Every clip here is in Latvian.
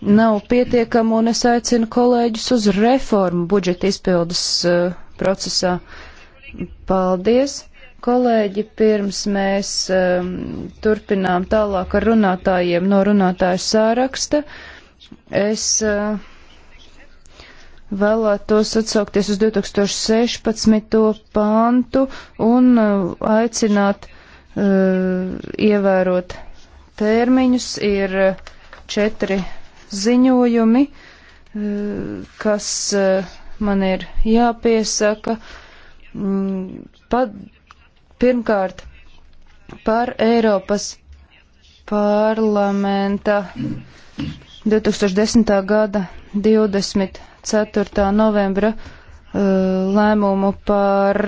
nav pietiekama, un es aicinu kolēģus uz reformu budžeta izpildes uh, procesā. Paldies! Kolēģi, pirms mēs um, turpinām tālāk ar runātājiem no runātāju sāraksta, es uh, vēlētos atsaukties uz 2016. pāntu un uh, aicināt uh, ievērot termiņus. Ir uh, četri ziņojumi, eh, kas eh, man ir jāpiesaka. Mm, Pat pirmkārt par Eiropas parlamenta 2010. gada 24. novembra eh, lēmumu par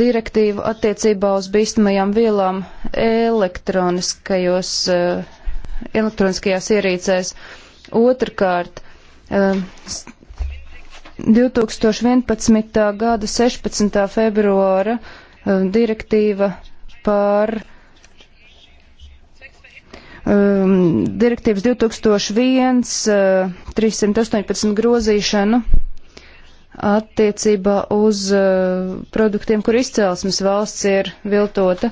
direktīvu attiecībā uz bīstamajām vielām elektroniskajos uh, elektroniskajās ierīcēs. Otrakārt, 2011. Um, gada 16. februāra um, direktīva par um, direktīvas 2001 uh, 318 grozīšanu attiecībā uz uh, produktiem, kur izcelsmes valsts ir viltota.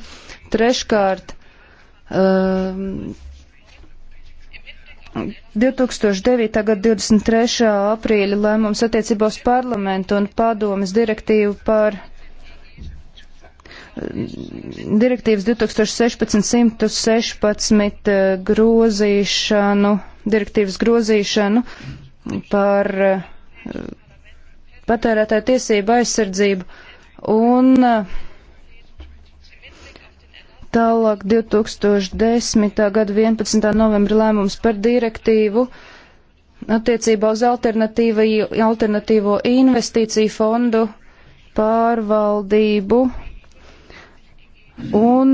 Treškārt, uh, 2009. gada 23. aprīļa lēmums attiecībā uz parlamentu un padomas direktīvu par direktīvas 2016-116 eh, grozīšanu, direktīvas grozīšanu par eh, patērētāju tiesību aizsardzību un uh, Tālāk 2010. gada 11. novembra lēmums par direktīvu attiecībā uz alternatīvo investīciju fondu pārvaldību un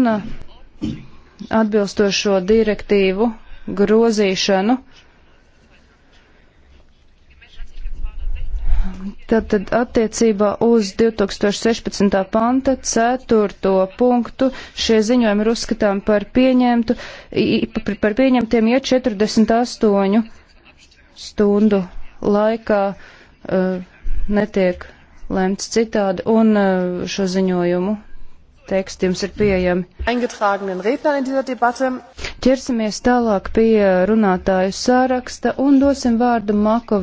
atbilstošo direktīvu grozīšanu. Tātad attiecībā uz 2016. panta 4. punktu šie ziņojumi ir uzskatām par, pieņemtu, par pieņemtiem, ja 48 stundu laikā uh, netiek lemts citādi, un uh, šo ziņojumu teksti jums ir pieejami. Ķersimies tālāk pie runātāju sāraksta un dosim vārdu Mako.